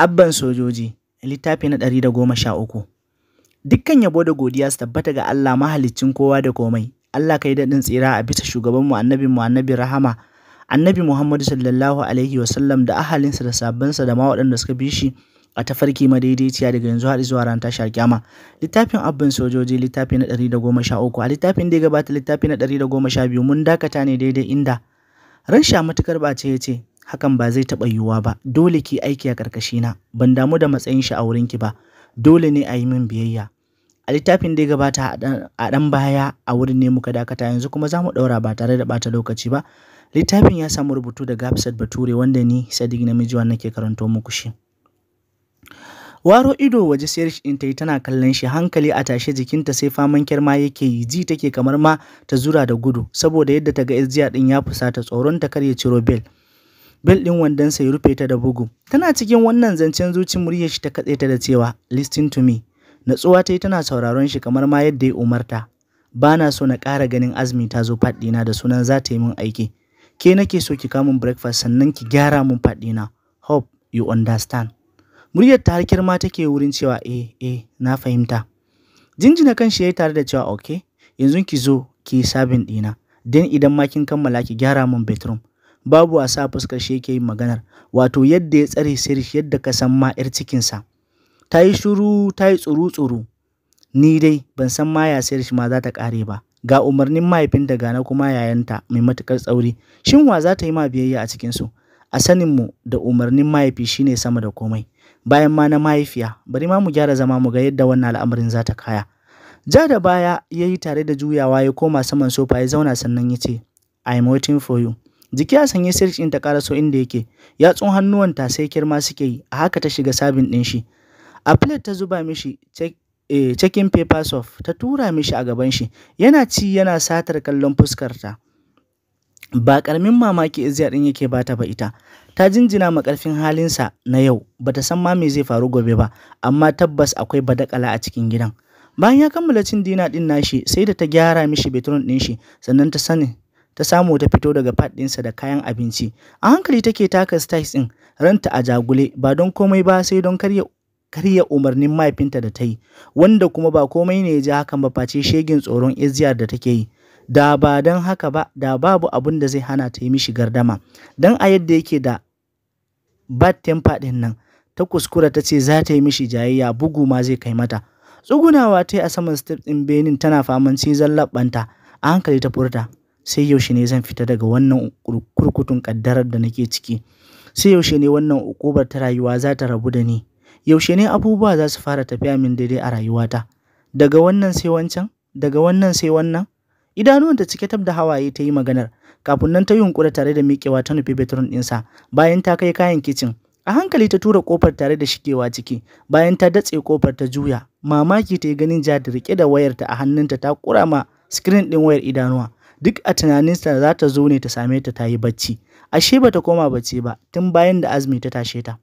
Abban Sojoji, littafi na ɗari da goma sha uku. Dukkan yabo da godiya su tabbata ga Allah mahaliccin kowa da komai. Allah kai daɗin tsira a bisa shugabanmu mu annabi rahama, annabi Muhammadu sallallahu alaihi sallam da ahalinsa da sabbansa da ma waɗanda suka bi shi a tafarki madaidaiciya daga yanzu har zuwa ran tashar kyama. Littafin abban sojoji littafi na ɗari da goma sha uku. A littafin da ya gabata littafi na ɗari da goma sha biyu mun dakata ne daidai inda. Rasha matukar ba ce ya ce, hakan ba zai taɓa yiwuwa ba dole ki aiki a ƙarƙashina ban damu da matsayin shi a ki ba dole ne a yi min biyayya a littafin da ya gabata a ɗan baya a wurin ne muka dakata yanzu kuma za mu ɗaura ba tare da bata lokaci ba littafin ya samu rubutu daga hafsat bature wanda ni sadiq namiji wanda ke karanto muku shi waro ido waje sayar in ta yi tana kallon shi hankali a tashe jikinta sai faman kyarma yake yi ji take kamar ma ta zura da gudu saboda yadda ta ga izziya din ya fusata tsoron ta kar ya ciro bel bel ɗin wandonsa ya rufe ta da bugu. Tana cikin wannan zancen zuci muryar shi ta katse ta da cewa, Listen to me. Natsuwa ta yi tana sauraron shi kamar ma yadda ya umarta. Ba na so na ƙara ganin azumi ta zo faɗina da sunan za ta yi min aiki. Ke nake so ki min breakfast sannan ki gyara min faɗina. Hope you understand. Muryar ta harkar ma take wurin cewa eh eh na fahimta. Jinjina kan shi ya yi tare da cewa okay yanzu ki zo ki yi sabin ɗina. Den idan ma kin kammala ki gyara min bedroom. babu wasa a fuskar shi yake yin maganar wato yadda ya tsare sirri yadda ka san ma 'yar cikinsa ta yi shuru ta yi tsuru-tsuru ni dai ban san ma ya sirri ma za ta ƙare ba ga umarnin mahaifin da na kuma yayanta mai matuƙar tsauri shin wa za ta yi ma biyayya a cikinsu a sanin mu da umarnin mahaifi shine sama da komai bayan ma na mahaifiya bari ma mu gyara zama mu ga yadda wannan al'amarin za ta kaya ja da baya ya yi tare da juyawa ya koma saman sofa ya zauna sannan ya ce i'm waiting for you Jiki a sanye Sirk ɗin ta ƙaraso inda yake, yatsun hannuwanta sai kirma suke yi, a haka ta shiga sabin ɗin shi. A plate ta zuba mishi cikin eh, papers off, ta tura mishi a gaban shi, yana ci yana satar kallon fuskar ta. Ba ƙaramin mamaki Izziya ɗin yake bata ba ita, ta jinjina ma ƙarfin halinsa na yau, bata san ma me zai faru gobe ba, amma tabbas akwai badakala a cikin gidan. Bayan ya kammala cin dina ɗin nashi, sai da ta gyara mishi betrun ɗin shi, sannan ta sani ta samu ta fito daga pad ɗinsa da kayan abinci a hankali take taka styles ɗin ranta a jagule ba don komai ba sai don karya karya umarnin mahaifinta da ta yi wanda kuma ba komai ne ya ji hakan ba face shegin tsoron iziyar da take yi da ba don haka ba da babu abun da zai hana ta yi mishi gardama don a yadda yake da bad temper ɗin nan ta kuskura ta ce za ta yi mishi jayayya bugu ma zai kai mata tsugunawa ta yi a saman step ɗin benin tana faman cizon labbanta a hankali ta furta sai yaushe ne zan fita daga wannan kurkutun ƙaddarar da nake ciki sai yaushe ne wannan ukubar ta rayuwa za ta rabu da ni yaushe ne abubuwa za su fara tafiya min daidai a rayuwata daga wannan sai wancan daga wannan sai wannan idanuwanta cike tab da hawaye ta yi maganar kafin nan ta yi hunkura tare da miƙewa ta nufi bedroom ɗinsa bayan ta kai kayan kicin a hankali ta tura kofar tare da shigewa ciki bayan ta datse kofar ta juya mamaki ta yi ganin ja da rike da wayarta a hannunta ta kura ma screen ɗin wayar idanuwa duk a tunaninsa za ta zo ne ta same ta ta yi bacci ashe ba ta koma bacci ba tun bayan da azumi ta tashe ta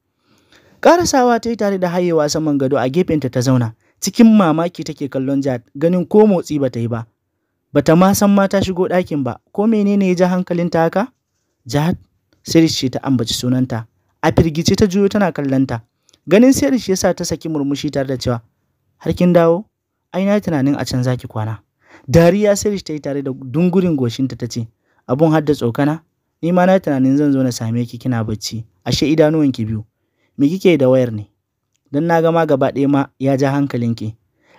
karasawa ta yi tare da hayewa saman gado a gefenta ta zauna cikin mamaki take kallon jihar ganin ko motsi ba ta yi ba Ba ta ma san mata shigo ɗakin ba ko menene ya ja hankalinta haka jihar sirri ce ta ambaci sunanta a firgice ta juyo tana kallonta ganin sirish ya sa ta saki murmushi tare da cewa har kin dawo Aina na tunanin a can zaki kwana dariya sirish ta yi tare da dungurin goshinta ta ce abun hadda tsokana ni ma na tunanin zan zo na same ki kina bacci ashe idanuwanki biyu me kike da wayar ne dan na gama gaba ɗaya ma ya ja ki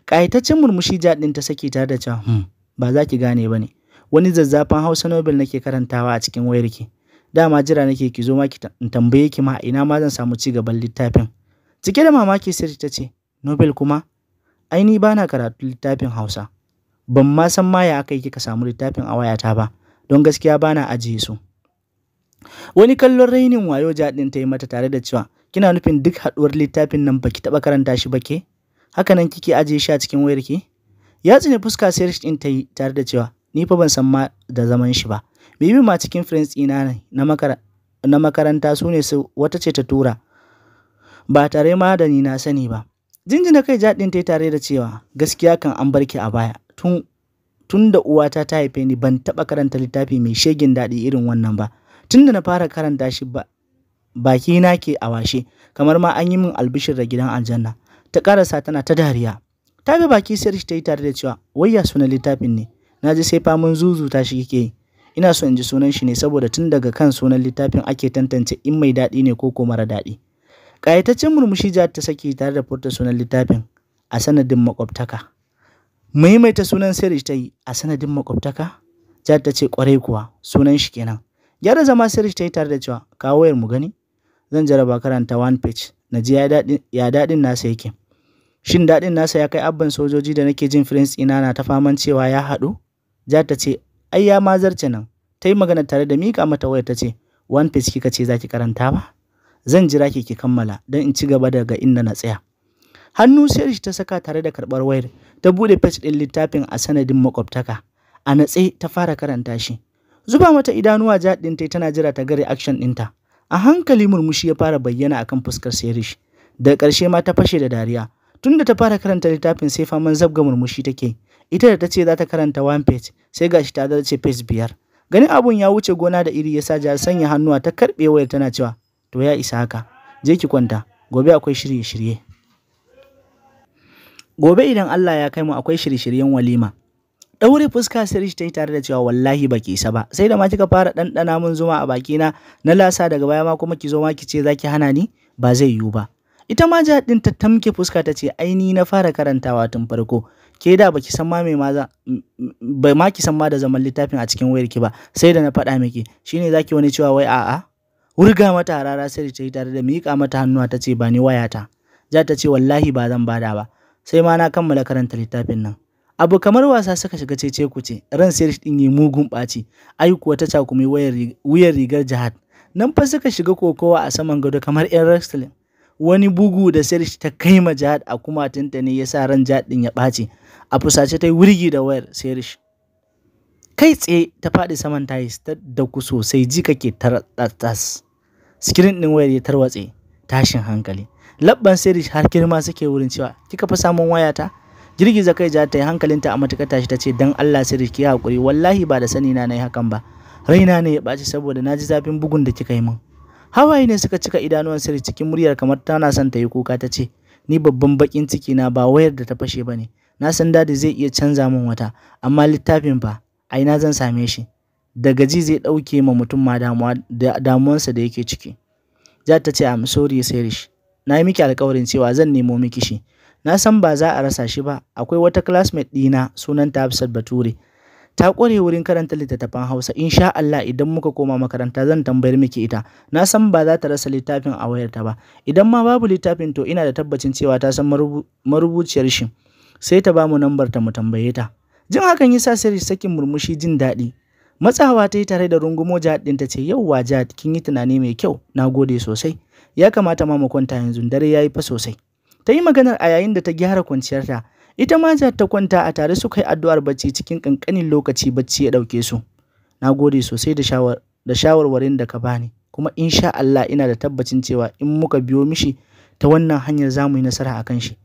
ƙayataccen murmushi ja ɗin ta saki tare da cewa hmm, ba za ki gane ba ne wani zazzafan hausa nobel nake karantawa a cikin wayar ki dama jira nake ki zo ma ki tambaye ki ma ina ma zan samu ci gaban littafin cike da mamaki sirri ta ce nobel kuma Aini ni bana karatu littafin hausa Ban ma san ma ya aka yi kika samu littafin a wayata ba, don gaskiya bana na ajiye su. Wani kallon rainin wayo ja din ta yi mata tare da cewa, kina nufin duk haɗuwar littafin nan baki taɓa karanta shi ba ke? Haka nan kike ajiye shi a cikin wayarki? Ya tsine fuska sai din ta yi tare da cewa, ni fa ban san ma da zaman shi ba. Bibi ma cikin friends ina ne na makaranta su ne su wata ce ta tura. Ba tare ma da ni na sani ba. Jinjina kai jadin tai tare da cewa, gaskiya kan an barki a baya. tun da uwata ta haife ni ban taba karanta littafi mai shegin daɗi irin wannan ba. Tun da na fara karanta shi ba, na ke a washe, kamar ma an yi min albishir da gidan aljanna. Ta ƙarasa tana ta dariya. Ta bi baki sayar shi ta yi tare da cewa, wayya sunan littafin ne, na ji sai famun zuzuta shi kike yi. Ina so in ji sunan shi ne saboda tun daga kan sunan littafin ake tantance in mai daɗi ne ko ko mara daɗi. Ƙayataccen murmushi jihar ta saki tare da furta sunan littafin a sanadin makwabtaka. maimaita sunan sirri ta yi a sanadin makwabtaka jad ta ce kwarai kuwa sunan shi kenan gyara zama sirri ta yi tare da cewa kawo wayar mu gani zan jaraba karanta one page na ji ya daɗin nasa yake shin daɗin nasa ya kai abban sojoji da nake jin prince ina na ta faman cewa ya haɗu jad ta ce ai ya ma zarce nan ta yi magana tare da miƙa mata wayar ta ce one page kika ce za ki karanta ba zan jira ki ki kammala don in ci gaba daga inda na tsaya hannu sai shi ta saka tare da karbar wayar ta buɗe page ɗin littafin a sanadin makwabtaka a natse ta fara karanta shi zuba mata idanuwa ja tai tana jira ta ga reaction ɗinta a hankali murmushi ya fara bayyana akan fuskar Sirish da karshe ma ta fashe da dariya tunda ta fara karanta littafin sai faman zabga murmushi take ita da ta ce za ta karanta one page sai gashi ta dace page biyar ganin abun ya wuce gona da iri yasa ja sanya hannuwa ta karɓe wayar tana cewa to ya isa haka je ki kwanta gobe akwai shirye-shirye Gobe idan Allah ya kai mu akwai shirye-shiryen walima. Ɗaure fuska Sirish ta yi tare da cewa wallahi ba ki isa ba, sai da ma kika fara ɗanɗana mun zuma a bakina na lasa daga baya ma kuma ki zo ma ki ce za ki hana ni ba zai yiwu ba. Ita ma jiha ɗin ta tamke fuska ta ce aini na fara karantawa tun farko, ke da ki san ma mai ma ki san ma da zaman littafin a cikin wayar ki ba sai da na faɗa miki shine zaki wani cewa wai a'a wurga mata harara sai ta yi tare da miƙa mata hannuwa ta ce ba ni wayata. Za ta ce wallahi ba zan bada ba. sai ma na kammala karanta littafin nan. Abu kamar wasa suka shiga cece kuce, ran sai din yi mugun ɓaci, ai kuwa ta cakumi wuyar rigar jihad. Nan fa suka shiga kokowa a saman gado kamar 'yan wrestling. Wani bugu da Sirish ta kai ma jihad a kumatinta ne ya sa ran jihad din ya ɓaci. A fusace ta yi wurgi da wayar Sirish. Kai tsaye ta faɗi saman tayis ta ku sosai ji kake taratsatsas. Sikirin ɗin wayar ya tarwatse tashin hankali. labban sirish har girma suke wurin cewa kika fa samun wayata girgiza kai za ta yi hankalinta a matuƙar tashi ta ce dan Allah sirish ki haƙuri wallahi ba da sani na nayi hakan ba raina ne ya ɓaci saboda na ji zafin bugun da kika yi min hawaye ne suka cika idanuwan sirish cikin muryar kamar tana son ta yi kuka ta ce ni babban bakin ciki na ba wayar da ta fashe ba ne na san dadi zai iya canza min wata amma littafin fa ai na zan same shi da gaji zai ɗauke ma mutum ma damuwansa da yake ciki ja ta ce am sorry sirish na yi miki alkawarin cewa zan nemo miki shi na san ba za a rasa shi ba akwai wata classmate ɗina ta Hafsat Bature ta ƙware wurin karanta littattafan Hausa insha Allah idan muka koma makaranta zan tambayar miki ita na san ba za ta rasa littafin a wayarta ba idan ma babu littafin to ina da tabbacin cewa ta san marubuciyar shi sai ta bamu nambar ta mu tambaye ta jin hakan yasa sirri sakin murmushi jin daɗi matsawa ta yi tare da rungumo jihad ɗin ta ce yauwa jihad kin yi tunani mai kyau na gode sosai ya kamata ma mu kwanta yanzu dare yayi fa sosai ta yi maganar a yayin da ta gyara kwanciyarta ita ma ta kwanta a tare su kai addu'ar bacci cikin kankanin lokaci bacci ya ɗauke su na gode sosai da shawar da shawarwarin da ka bani kuma insha Allah ina da tabbacin cewa in muka biyo mishi ta wannan hanyar za mu yi nasara a kan shi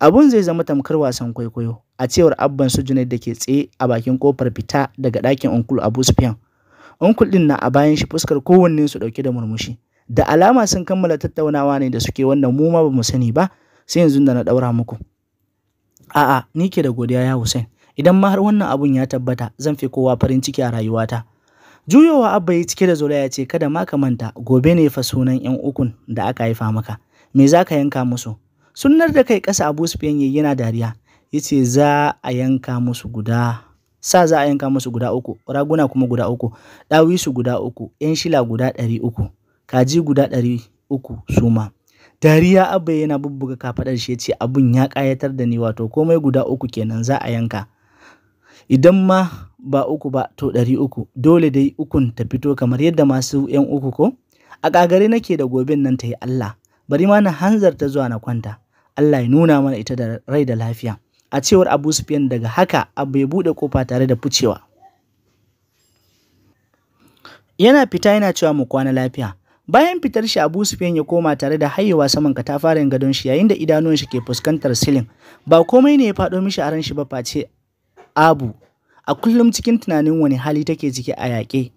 abun zai zama tamkar wasan kwaikwayo a cewar abban su junaid da ke tsaye a bakin kofar fita daga ɗakin Uncle abu Sufyan. Uncle ɗin na a bayan shi fuskar kowanne su ɗauke da murmushi da alama sun kammala tattaunawa ne da suke wannan mu ma bamu sani ba sai yanzu da na daura muku a'a ni ke da godiya ya Hussein idan ma har wannan abun ya tabbata zan fi kowa farin ciki a rayuwata juyowa abba ya cike da Zola ya ce kada ma ka manta gobe ne fa sunan yan ukun da aka haifa maka me za ka yanka musu sunnar da kai kasa abu sufiyan yayi yana dariya yace za a yanka musu guda sa za a yanka musu guda uku raguna kuma guda uku ɗawisu guda uku yan shila guda ɗari uku kaji guda ɗari uku su ma. Dariya Abba yana bubbuga kafaɗar shi ya ce abun ya ƙayatar da ni wato komai guda uku kenan za a yanka. Idan ma ba uku ba to ɗari uku dole dai ukun ta fito kamar yadda masu ‘yan uku ko? A ƙagare nake da goben nan ta yi Allah bari ma na hanzarta zuwa na kwanta. Allah ya nuna mana ita da rai da lafiya. A cewar Abu Sufyan daga haka abu ya buɗe kofa tare da ficewa. Yana fita yana cewa mu kwana lafiya. Bayan fitar shi Abu Sufyan ya koma tare da hayewa saman katafaren gadon shi yayin da idanuwan shi ke fuskantar silin. Ba komai ne ya faɗo mishi a ran shi ba face Abu a kullum cikin tunanin wani hali take ciki a yaƙe.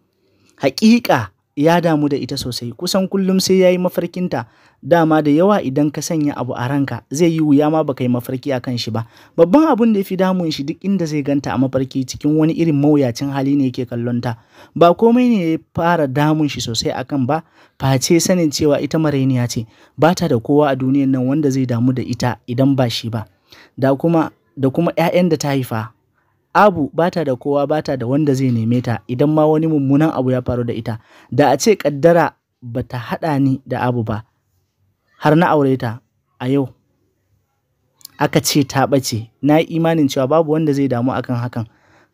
Haƙiƙa ya damu da ita sosai kusan kullum sai ya yi mafarkinta dama da yawa idan ka sanya abu a ranka zai yi wuya ma baka yi mafarki a kan shi ba babban abun da ya fi damun shi duk inda zai ganta a mafarki cikin wani irin mawuyacin hali ne yake kallon ta ba komai ne ya fara damun shi sosai akan ba face sanin cewa ita marainiya ce ba ta da kowa a duniyan nan wanda zai damu da ita idan ba shi ba da kuma da kuma 'ya'yan da ta haifa abu bata da kowa bata da wanda zai neme ta idan ma wani mummunan abu ya faru da ita da a ce kaddara bata haɗa ni da abu ba har na aure ta a yau aka ce ta ɓace na yi imanin cewa babu wanda zai damu akan hakan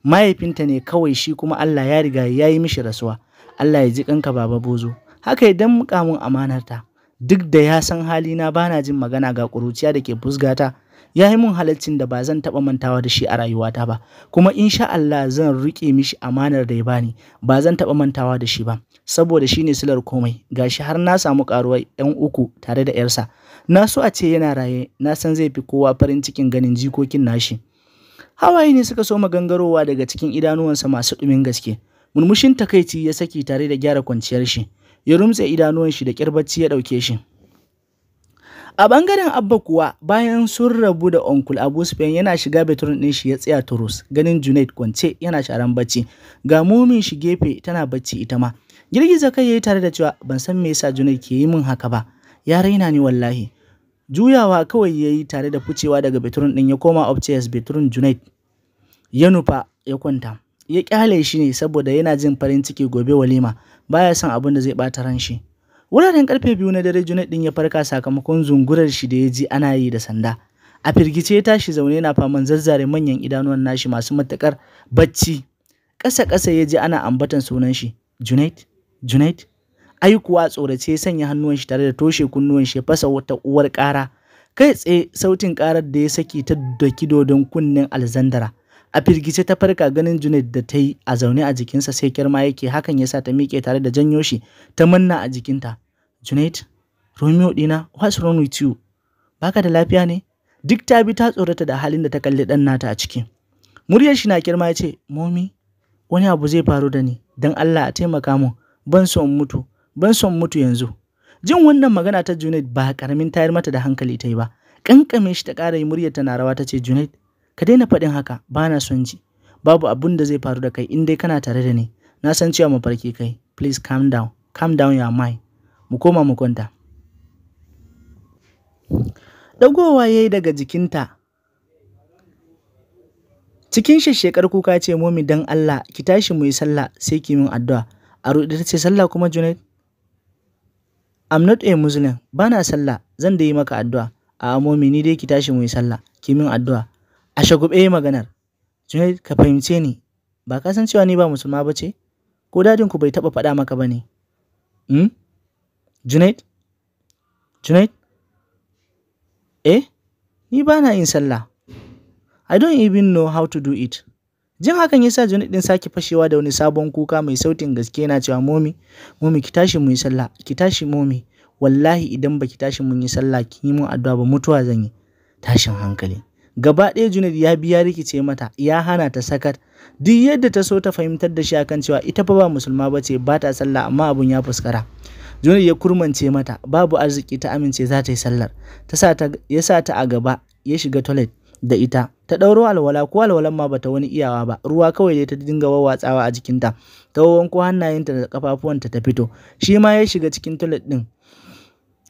mahaifinta ne kawai shi kuma Allah ya riga ya yi mishi rasuwa Allah ya ji kanka baba bozo haka idan mukamin amanarta duk da ya san halina bana jin magana ga kuruciya da ke fusgata ya yi mun halaccin da ba zan taɓa mantawa da shi a rayuwata ba kuma in sha Allah zan riƙe mishi amanar da ya bani ba zan taɓa mantawa da shi ba saboda shi ne silar komai gashi har na samu ƙaruwar yan uku tare da yarsa na so a ce yana raye na san zai fi kowa farin cikin ganin jikokin nashi hawaye ne suka so magangarowa daga cikin idanuwansa masu ɗumin gaske murmushin takaici ya saki tare da gyara kwanciyar shi ya rumtse idanuwan shi da kyar bacci ya ɗauke shi A bangaren Abba kuwa, bayan sun rabu da onkul Abu Sufyan yana shiga bedroom ɗin shi ya tsaya turus, ganin Junaid kwance yana sharan bacci, ga mumin shi gefe tana bacci ita ma. Girgiza kai yayi tare da cewa ban san me yasa Junaid ke yi min haka ba. Ya raina ni wallahi. Juyawa kawai yayi tare da ficewa daga bedroom ɗin ya koma upstairs beturin Junaid. Ya nufa ya kwanta. Ya kyale shi ne saboda yana jin farin ciki gobe walima, baya son abin da zai ɓata ran shi. Wuraren karfe biyu na dare Junaid din ya farka sakamakon zungurar shi da ya ji ana yi da sanda. A firgice ya tashi zaune yana faman zazzare manyan idanuwan nashi masu matakar bacci. Ƙasa ƙasa ya ji ana ambatan sunan shi. Junaid, Junaid. Ai kuwa tsorace sanya hannuwan shi tare da toshe kunnuwan shi ya fasa wata uwar ƙara. Kai tsaye sautin ƙarar da ya saki ta daki dodon kunnen Alzandara. a firgice ta farka ganin Junaid da ta yi a zaune a jikinsa sai kirma yake hakan ya sa ta miƙe tare da janyo shi ta manna a jikinta Junaid Romeo dina what's wrong with you baka da lafiya ne duk ta bi ta tsorata da halin da ta kalli dan nata a ciki muryar shi na kirma ya ce momi wani abu zai faru da ni don Allah a taimaka mu ban son mutu ban mutu yanzu jin wannan magana ta Junaid ba karamin tayar mata da hankali ta yi ba kankame shi ta ƙara yi muryar tana rawa ta ce Junaid ka daina faɗin haka ba na son ji babu abun da zai faru da kai in dai kana tare da ni na san cewa mafarki kai please calm down calm down your mind mu koma mu kwanta dagowa ya yi daga jikinta cikin shekar kuka ce momi dan Allah ki tashi mu yi sallah sai ki min addu'a a ruɗe ta ce sallah kuma Junaid I'm not a Muslim ba sallah zan da yi maka addu'a a momi ni dai ki tashi mu yi sallah ki min addu'a A shagube maganar, Junaid ka fahimce ni, ba ka san cewa ni ba musulma ba ce? Ko ku bai taba faɗa maka ba ne? Hmm? Junaid? Junaid? Eh, ni ba na yin sallah. I don't even know how to do it. Jin hakan yasa Junaid din sake fashewa da wani sabon kuka mai sautin gaske yana cewa momi, momi ki tashi mu yi sallah, ki tashi momi. Wallahi idan baki tashi mun yi sallah ki yi mun addu'a ba mutuwa zan yi. Tashin hankali. Gaba ɗaya Junaid ya biya rikice mata, ya hana ta sakar. Duk yadda ta so ta fahimtar da shi akan cewa ita fa ba musulma ba ce ba ta sallah amma abun ya fuskara. Junaid ya kurmance mata, babu arziki ta amince za ta yi sallar. ya sa ta a gaba, ya shiga toilet da ita. Ta ɗauro alwala ko alwalan ma bata wani iyawa ba, ruwa kawai dai ta dinga wawwatsawa a jikinta. Ta wanko hannayenta da kafafuwanta ta fito. Shi ma ya shiga cikin toilet ɗin.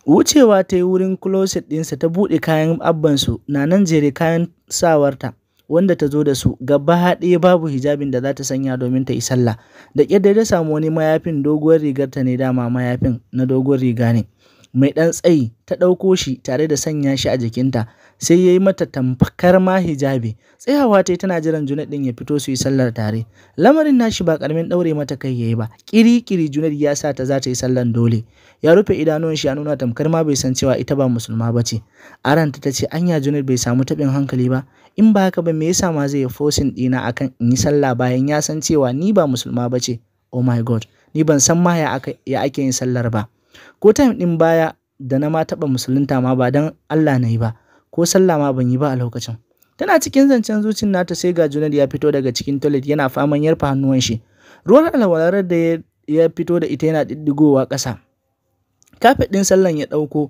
Wucewa ta yi wurin kuloset ɗinsa ta buɗe kayan Abbansu na nan jere kayan sawarta wanda ta zo da su, gaba ɗaya babu hijabin da za ta sanya domin ta yi sallah, da ƙyar dai ta samu wani mayafin doguwar rigarta ne dama mayafin na doguwar riga ne. mai ɗan tsayi ta ɗauko shi tare da sanya shi a jikinta sai ya yi mata tamfakar ma hijabi tsayawa ta tana jiran junaid ɗin ya fito su yi sallar tare lamarin nashi ba ƙaramin ɗaure mata kai ya yi ba ƙiri-ƙiri ya sa ta za ta yi sallar dole ya rufe idanuwan shi ya nuna tamkar ma bai san cewa ita ba musulma ba ce aranta ta ce anya junaid bai samu taɓin hankali ba in ba haka ba me yasa ma zai yi fosin ɗina akan in yi sallah bayan ya san cewa ni ba musulma ba ce oh my god ni ban san ma ya ake yin sallar ba Ko time ɗin baya da na ma taɓa musulunta ma ba don Allah na yi ba, ko sallah ma ban yi ba a lokacin. Tana cikin zancen zuciyar nata sai ga Junaid ya fito daga cikin toilet yana faman yarfa hannuwan shi. Ruwan alwalarar da ya fito da ita yana diddigowa ƙasa. Kafe ɗin sallan ya ɗauko,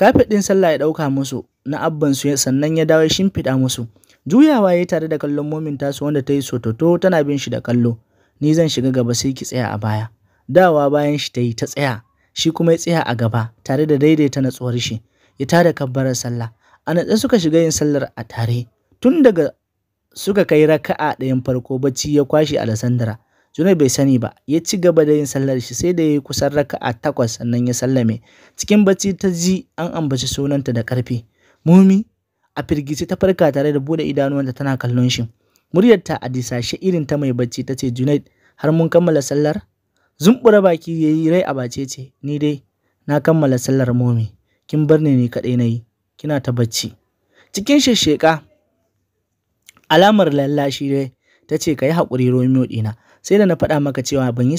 ɗin sallah ya ɗauka musu na abbansu sannan ya dawo shimfiɗa musu. Juyawa ya tare da kallon momin tasu wanda ta yi sototo tana bin shi da kallo. Ni zan shiga gaba sai ki tsaya a baya. Dawa bayan shi ta yi ta tsaya. shi kuma ya tsaya a gaba tare da daidaita natsuwar shi ya tada kabbarar sallah a natsa suka shiga yin sallar a tare tun daga suka kai raka'a ɗayan farko bacci ya kwashe Alessandra Junai bai sani ba ya ci gaba da yin sallar shi sai da ya yi kusan raka'a takwas sannan ya sallame cikin bacci ta ji an ambaci sunanta da ƙarfi mumi a firgici ta farka tare da bude idanuwanta tana kallon shi muryarta a disashe irin ta mai bacci ta ce Junaid har mun kammala sallar Zumbura baki yayi rai a ce. ni dai na kammala sallar momi, kin bar ni ni kaɗai na yi, kina ta bacci. Cikin shesheka alamar lallashi dai ta ce ka yi haƙuri Romeo ɗina, sai da na faɗa maka cewa ban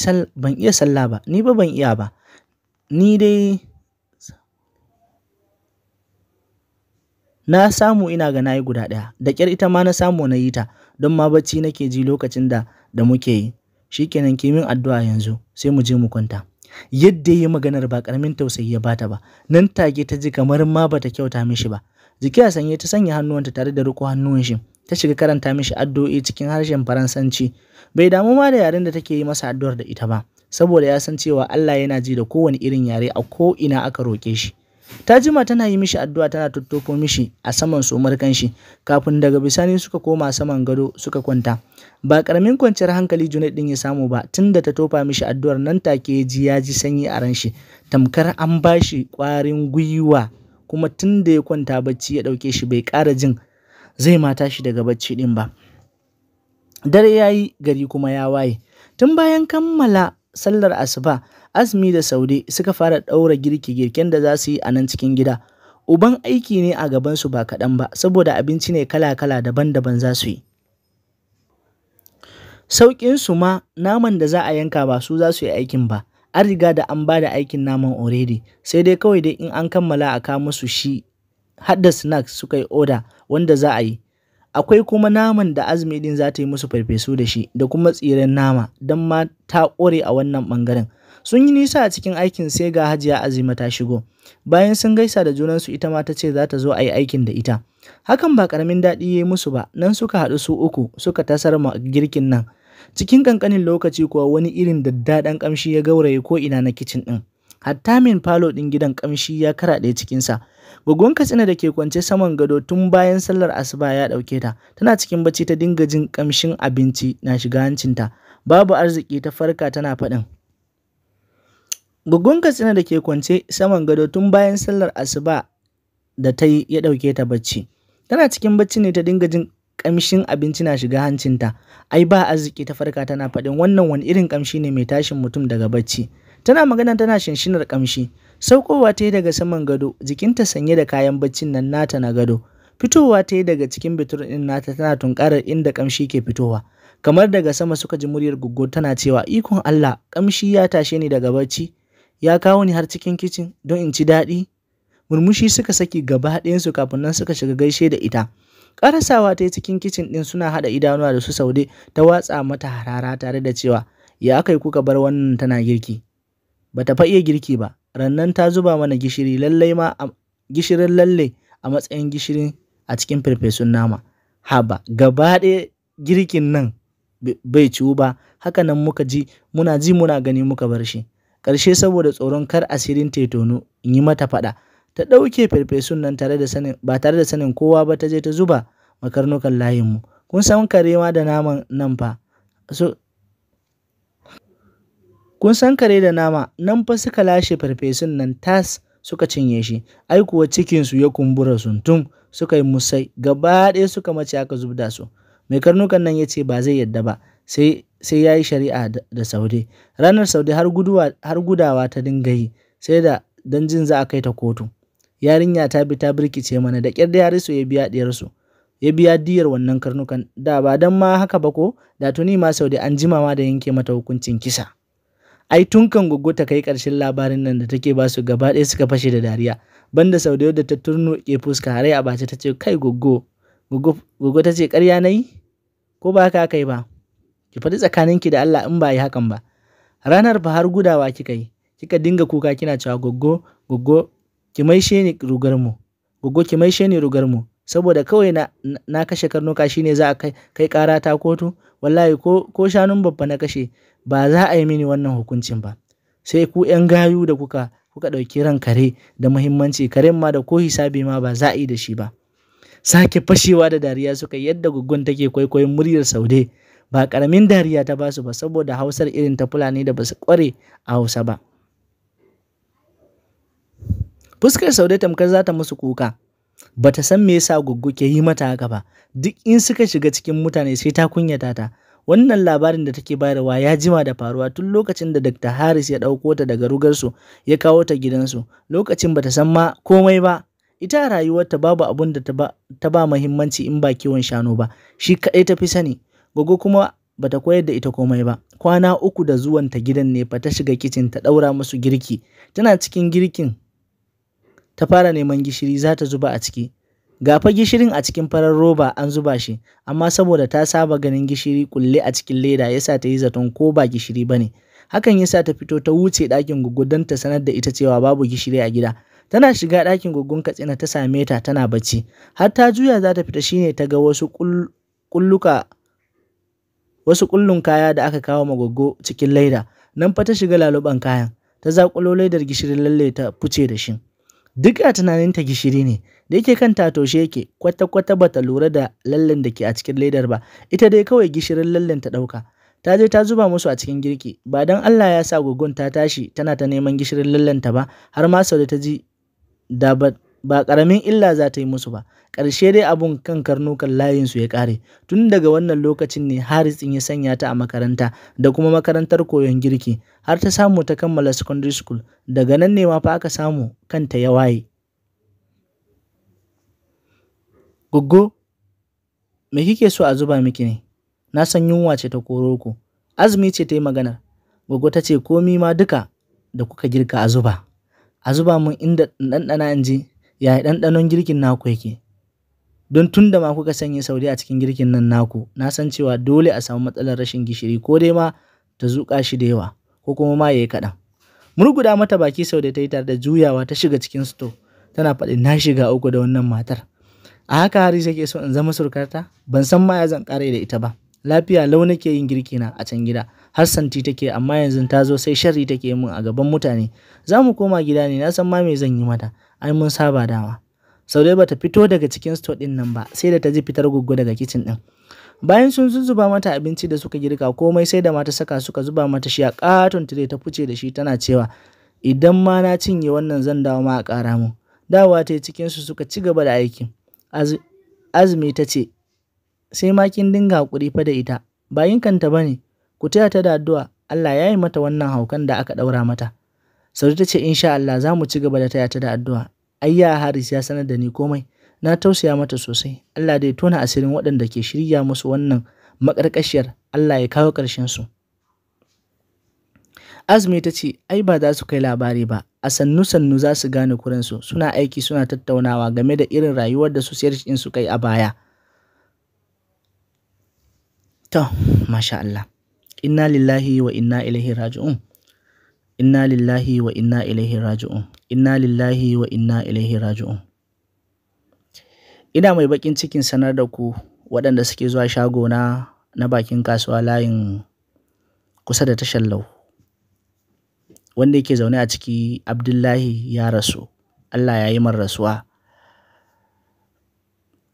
iya salla ba, ni ba ban iya ba, ni dai na samu ina ga nayi guda ɗaya da ƙyar ita ma na samu na yi ta don ma bacci nake ji lokacin da da muke yi Shi kenan ki min addu'a yanzu sai mu je mu kwanta yadda yi maganar ba karamin tausayi ya bata ba nan take ta ji kamar ma bata kyauta mishi ba jiki a sanye ta sanya hannuwanta tare da riko hannuwan shi ta shiga karanta mishi addu'o'i cikin harshen faransanci bai damu ma da yaren da take yi masa addu'ar da ita ba saboda ya san cewa Allah yana ji da kowane irin yare a ko ina aka roke shi ta jima tana yi mishi addu'a tana tottofo mishi a saman somar kanshi kafin daga bisani suka koma saman gado suka kwanta ba karamin kwanciyar hankali Junaid din ya samu ba tunda ta tofa mishi addu'ar nan take ji ya ji sanyi a ran shi tamkar an bashi kwarin gwiwa kuma tunda ya kwanta bacci ya dauke shi bai kara jin zai ma shi daga bacci din ba dare yayi gari kuma ya waye tun bayan kammala sallar asuba Azmi da Saude suka fara ɗaura girke-girken da za su yi a nan cikin gida. Uban aiki ne a gabansu ba kaɗan ba, saboda abinci ne kala-kala daban-daban za su yi. su ma naman da za a yanka ba su za su yi aikin ba, an riga da an ba da aikin naman already, sai dai kawai dai in an kammala a kawo musu shi har da snacks suka yi oda wanda za a yi. Akwai kuma naman da azumi din za ta yi musu farfesu da shi da kuma tsiren nama don ma ta ƙware a wannan ɓangaren. Sun yi nisa a cikin aikin sai ga Hajiya Azima ta shigo. Bayan sun gaisa da junansu ita ma ta ce za ta zo a yi aikin da ita. Hakan ba karamin daɗi ya yi musu ba, nan suka haɗu su uku suka tasar ma girkin nan. Cikin ƙanƙanin lokaci kuwa wani irin daddaɗan ƙamshi ya gauraye ko ina na kicin ɗin. Hatta min falo ɗin gidan ƙamshi ya karaɗe cikinsa. Goggon Katsina da ke kwance saman gado tun bayan sallar asuba ya ɗauke ta. Tana cikin bacci ta dinga jin kamshin abinci na shiga hancinta. Babu arziki ta farka tana faɗin. Goggon Katsina da ke kwance saman gado tun bayan sallar asuba da ta yi ya ɗauke ta bacci. Tana cikin bacci ne ta dinga jin ƙamshin abinci na shiga hancinta. Ai ba arziki ta farka tana faɗin wannan wani irin ƙamshi ne mai tashin mutum daga bacci. Tana magana tana shinshinar ƙamshi. Saukowa ta yi daga saman gado, jikinta sanye da kayan baccin nan nata na gado. Fitowa ta yi daga cikin bitur ɗin nata tana tunkarar inda ƙamshi ke fitowa. Kamar daga sama suka ji muryar goggo tana cewa ikon Allah ƙamshi ya tashe ni daga bacci. ya kawo ni har cikin kicin don in ci daɗi murmushi suka saki gaba ɗayansu kafin nan suka shiga gaishe da ita ƙarasawa ta yi cikin kicin ɗin suna haɗa idanuwa da su saude ta watsa mata harara tare da cewa ya aka yi kuka bar wannan tana girki bata fa iya girki ba rannan ta zuba mana gishiri lallai ma gishirin lalle a matsayin gishirin a cikin farfesun nama haba gaba ɗaya girkin nan bai ciwu ba haka nan muka ji muna ji muna gani muka bar shi ƙarshe saboda tsoron kar asirin ta tono in yi mata faɗa ta ɗauke farfesun nan tare da sanin ba tare da sanin kowa ba ta je ta zuba makarnukan layinmu kun san kare ma da naman nan fa so kun san kare da nama nan fa suka lashe farfesun nan tas suka cinye shi ai kuwa cikinsu ya kumbura suntum suka yi musai gaba ɗaya suka mace aka zubda su mai karnukan nan ya ce ba zai yadda ba sai sai ya yi shari'a da Saude. Ranar Saude har gudawa ta dinga yi, sai da don jin za a kai ta kotu. Yarinya ta bi ta birkice mana da ƙyar da yarisu ya biya ɗiyarsu. Ya biya diyar wannan karnukan da ba don ma haka ba ko da tuni ma Saude an jimawa da yanke mata hukuncin kisa. Ai tun kan goggo ta kai ƙarshen labarin nan da take ba su gaba ɗaya suka fashe da dariya. Banda Saude da ta turno ke fuska harai a bace ta ce kai goggo. Goggo ta ce ƙarya na yi? Ko ba haka aka yi ba? ki faɗi tsakaninki da Allah in ba yi hakan ba ranar ba har gudawa kika yi kika dinga kuka kina cewa goggo goggo ki maishe ni rugar mu goggo ki maishe ni rugar mu saboda kawai na, na kashe karnuka shine za a kai, kai kara ta kotu wallahi ko, ko shanun babba na kashe ba za a yi mini wannan hukuncin ba sai ku yan gayu da kuka kuka ɗauki ran kare da muhimmanci karen ma da ko hisabi ma ba za a yi da shi ba sake fashewa da dariya suka yadda gugun take kwaikwayon muryar saude ba karamin dariya ta basu ba saboda hausar irin ta fulani da basu kware a hausa ba fuskar saude tamkar za ta musu kuka ba ta san me yasa guggu ke yi mata haka ba duk in suka shiga cikin mutane sai ta kunyata ta wannan labarin da take bayarwa ya jima da faruwa tun lokacin da Dr. Harris ya ɗauko ta daga rugarsu ya kawo ta gidansu lokacin ba ta san ma komai ba ita rayuwarta babu abun da ta ba muhimmanci in ba kiwon shanu ba shi kaɗai ta fi sani Goggo kuma bata koyar da ita komai ba. Kwana uku da zuwan ta gidan ne fa ta shiga kicin ta ɗaura musu girki. Tana cikin girkin ta fara neman gishiri za ta zuba a ciki. Ga fa gishirin a cikin farar roba an zuba shi, amma saboda ta saba ganin gishiri kulle a cikin leda yasa ta yi zaton ko ba gishiri ba Hakan yasa ta fito ta wuce ɗakin goggo don ta sanar da ita cewa babu gishiri a gida. Tana shiga ɗakin goggon Katsina ta same ta tana bacci. Har ta juya za ta fita shine ta ga wasu kulluka. wasu ƙullun kaya da aka kawo ma cikin laida, nan fa ta shiga laluban kayan, ta zakulo laidar gishirin lalle ta fuce da shi. Duk a tunanin ta gishiri ne, da yake kan tatoshe yake kwata-kwata ba ta lura da lallen da ke a cikin laidar ba, ita dai kawai gishirin lallen ta ɗauka. Ta je ta zuba musu a cikin girki, ba dan Allah ya sa gogon ta tashi tana ta neman gishirin lallen ta ba, har ma sau ta ji da ba ƙaramin illa za ta yi musu ba ƙarshe dai abun kan karnukan su ya ƙare tun daga wannan lokacin ne haris ya sanya ta a makaranta da kuma makarantar koyon girki har ta samu ta kammala secondary school daga nan ne ma fa aka samu kanta ya waye goggo me kike so a zuba miki ne na san yunwa ce ta koro ku azumi ce ta yi magana. goggo ta ce komi ma duka da kuka girka a zuba a zuba mun inda ɗanɗana in je yaya ɗanɗanon girkin naku yake don tun da ma kuka sanya saudi a cikin girkin nan naku na san cewa dole a samu matsalar rashin gishiri ko dai ma ta zuƙa shi da yawa ko kuma ma ya yi kaɗan murguda mata baki sau da ta yi tare da juyawa ta shiga cikin sto tana faɗi na shiga uku da wannan matar a haka hari sai so in zama surkarta ban san ma ya zan ƙare da ita ba lafiya lau nake yin girki na a can gida har santi take amma yanzu ta zo sai sharri take mun a gaban mutane za mu koma gida ne na san ma me zan yi mata ai mun saba dama saude bata fito daga cikin sto din nan ba sai da ta ji fitar goggo daga kitchen din bayan sun zuzzuba mata abinci da suka girka komai sai da mata saka suka zuba mata shi a katon tire ta fice da shi tana cewa idan ma na cinye wannan zan dawo ma a kara mu dawa ta yi cikinsu suka ci gaba da aikin azumi ta ce sai ma kin dinga haƙuri fa da ita bayin kanta ba ku taya ta da addu'a Allah ya yi mata wannan haukan da aka ɗaura mata Saudi ta ce insha Allah za mu ci gaba da taya ta da addu'a. Ayya Haris ya sanar da ni komai. Na tausaya mata sosai. Allah da ya tona asirin waɗanda ke shirya musu wannan makarkashiyar. Allah ya kawo ƙarshen su. Azumi ta ce, ai ba za su kai labari ba, a sannu-sannu za su gane kuransu, suna aiki suna tattaunawa game da irin rayuwar da su in su kai a baya. To, masha Allah, inna lillahi wa inna ilaihi raji'un. Inna lillahi wa inna ilaihi raji'un. Inna lillahi wa inna ilaihi raji'un. Ina mai bakin cikin sanar da ku waɗanda suke zuwa shagona na bakin kasuwa layin kusa da tashar lau. Wanda yake zaune a ciki Abdullahi ya rasu. Allah ya yi rasuwa.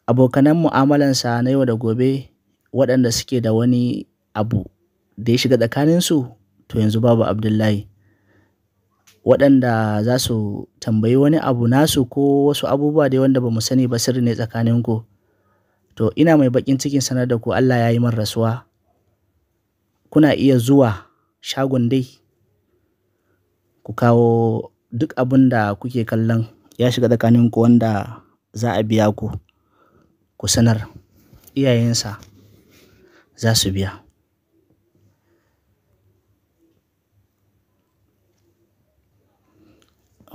Abokanan mu'amalansa na yau da gobe waɗanda suke da wani abu da ya shiga tsakaninsu to yanzu babu Abdullahi. waɗanda za su tambayi wani abu nasu ko wasu abubuwa dai wanda ba mu sani ba sirri ne ku to ina mai bakin cikin sanar da ku Allah ya yi min rasuwa kuna iya zuwa shagon dai ku kawo duk abin da kuke kallon ya shiga tsakanin ku wanda za a biya ku ku sanar iyayensa za su biya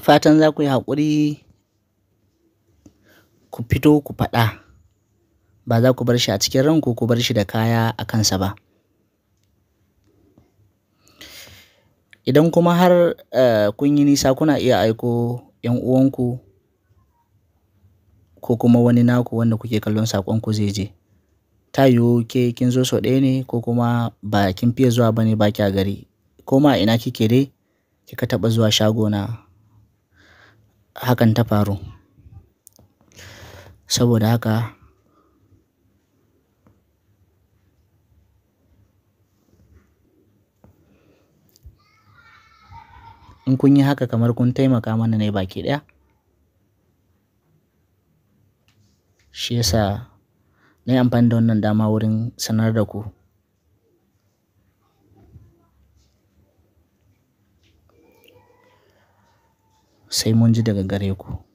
fatan za ku yi haƙuri ku fito ku faɗa ba za ku bar shi a cikin ranku ku bar shi da kaya a kansa ba idan kuma har eh, kun yi nisa kuna iya aiko 'yan uwanku ko kuma wani naku wanda kuke kallon ku zai je ta yiwu ke kin zo sau ɗaya ne ko kuma ba kin fiye zuwa ba ne ba gari ko ma ina kike dai kika taɓa zuwa shago na? hakan ta faru. Saboda haka in kun yi haka kamar kun taimaka mana ne baki ɗaya. Shi yasa na yi amfani da wannan dama wurin sanar da ku. sai mun ji daga gare ku.